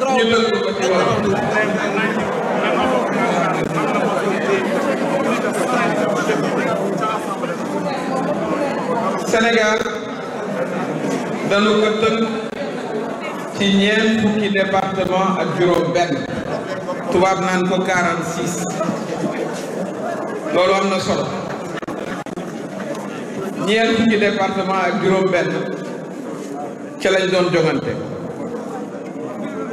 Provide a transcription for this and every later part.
ñu lëkk ko ci wàll Sénégal dañu ko tënk ci ñeent fukki département ak juróom benn tubaab naan ko 46 loolu am na solo ñeent fukki département ak juróom benn ca lañ doon jongante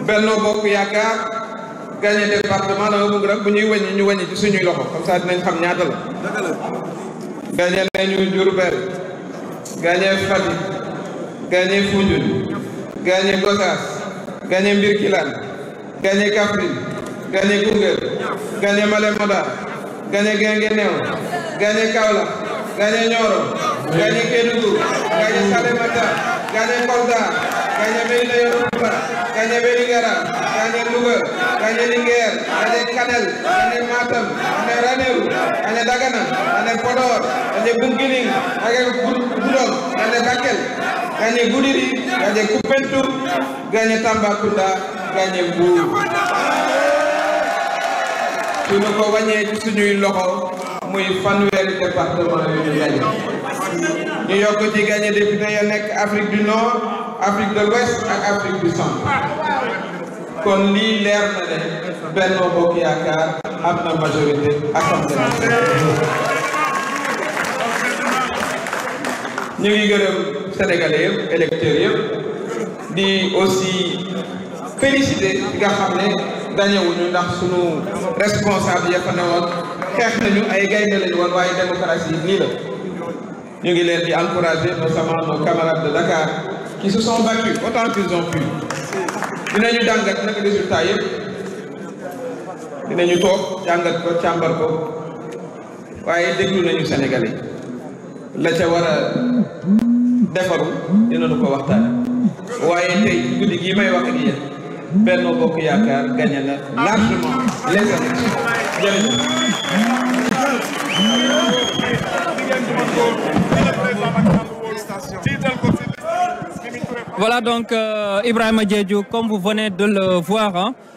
Benno Bokk Yaakaar gagné département dama bëgg rek bu ñuy wëññi ñu wëññi ci suñuy loxo comme ça dinañ xam ñaata la gagné nañu Diourbel gagné Fatick gagné Foundiougne gagné Gossas gagné Birkilane gagné Kaffrine gagné Koungheul gagné Malem Hodar gagné Guinguinéo gagné Kaolack gagné Nioro gagné Kédougou gagné Salémata gagné Kolda gagné Médina Yoro gagné Vélingara gagné Louga gagné Linguère gagné Kanel gagné Matam gagné Ranérou gagné Dagana gagné Podor gagné Bounkiling gagné Goudomp gagné Bakel gagné Goudiri gagné Koupentoum gagné Tambacounda gagné ñu yokk ci gagné député ya nekk Afrique du Nord Afrique de l'Ouest ak Afrique du Centre kon lii leer na ne Benno Bokk Yaakaar am na majorité assemblée ñu ngi gërëm Sénégalais yëpp électeurs yëpp di aussi félicité di nga xam ne dañewuñu ndax sunu responsable ya fa ne woon xeex nañu ay gaynde lañu woon waaye démocratie nii la ñu ngi leen di encourager notamment nos camarades de Dakar qui se sont battus autant qu'ils ont pu dinañu jàngat nag résultat yëpp dinañu toog jàngat ko càmbar ko waaye déglu nañu Sénégalais la ca war a defaru dinañu ko waxtaan waaye tey guddi gii may wax ak yéen Benno Bokk Yaakaar gagné na largement les élections jërëjëf Voilà donc euh, Ibrahim Adjedjou, comme vous venez de le voir, hein,